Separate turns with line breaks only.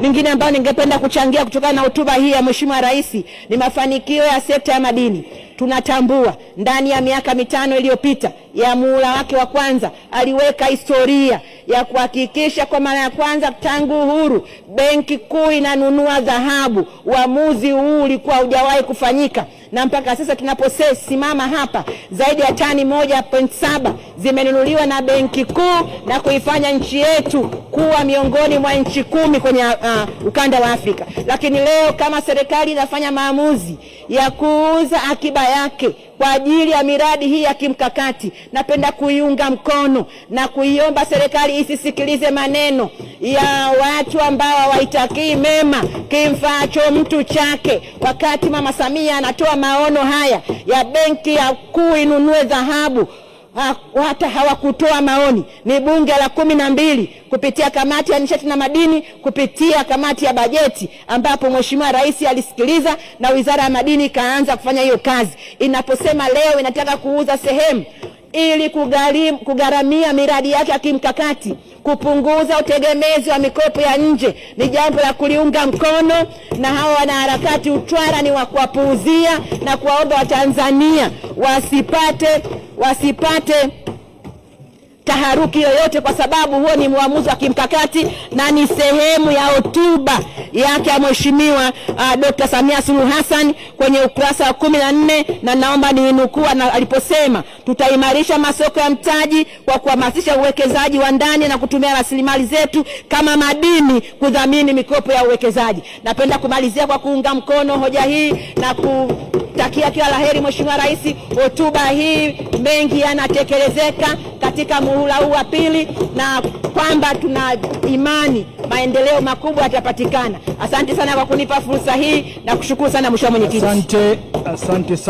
Lingine ambayo ningependa kuchangia kutokana na hotuba hii ya Mheshimiwa Rais ni mafanikio ya sekta ya madini. Tunatambua ndani ya miaka mitano iliyopita ya muhula wake wa kwanza aliweka historia ya kuhakikisha kwa mara ya kwanza tangu uhuru benki kuu inanunua dhahabu. Uamuzi huu ulikuwa hujawahi kufanyika na mpaka sasa tunaposimama hapa, zaidi ya tani moja point saba zimenunuliwa na Benki Kuu na kuifanya nchi yetu kuwa miongoni mwa nchi kumi kwenye uh, ukanda wa Afrika. Lakini leo kama serikali inafanya maamuzi ya kuuza akiba yake kwa ajili ya miradi hii ya kimkakati, napenda kuiunga mkono na kuiomba serikali isisikilize maneno ya watu ambao hawaitakii mema kimfaacho mtu chake. Wakati mama Samia anatoa maono haya ya benki ya kuu inunue dhahabu Ha, hata hawakutoa maoni. Ni bunge la kumi na mbili kupitia kamati ya nishati na madini, kupitia kamati ya bajeti, ambapo mheshimiwa rais alisikiliza na wizara ya madini ikaanza kufanya hiyo kazi. Inaposema leo inataka kuuza sehemu ili kugharimu, kugharamia miradi yake ya kimkakati kupunguza utegemezi wa mikopo ya nje ni jambo la kuliunga mkono, na hawa wanaharakati utwara ni wa kuwapuuzia na kuwaomba Watanzania wasipate wasipate taharuki yoyote, kwa sababu huo ni mwamuzi wa kimkakati na ni sehemu ya hotuba yake ya Mheshimiwa uh, Dr. Samia Suluhu Hassan kwenye ukurasa wa kumi na nne na naomba niinukuu na aliposema, tutaimarisha masoko ya mtaji kwa kuhamasisha uwekezaji wa ndani na kutumia rasilimali zetu kama madini kudhamini mikopo ya uwekezaji. Napenda kumalizia kwa kuunga mkono hoja hii na ku takia kila laheri Mheshimiwa Rais, hotuba hii mengi yanatekelezeka katika muhula huu wa pili, na kwamba tuna imani maendeleo makubwa yatapatikana. Asante sana kwa kunipa fursa hii na kushukuru sana Mheshimiwa Mwenyekiti.
Asante, asante sana.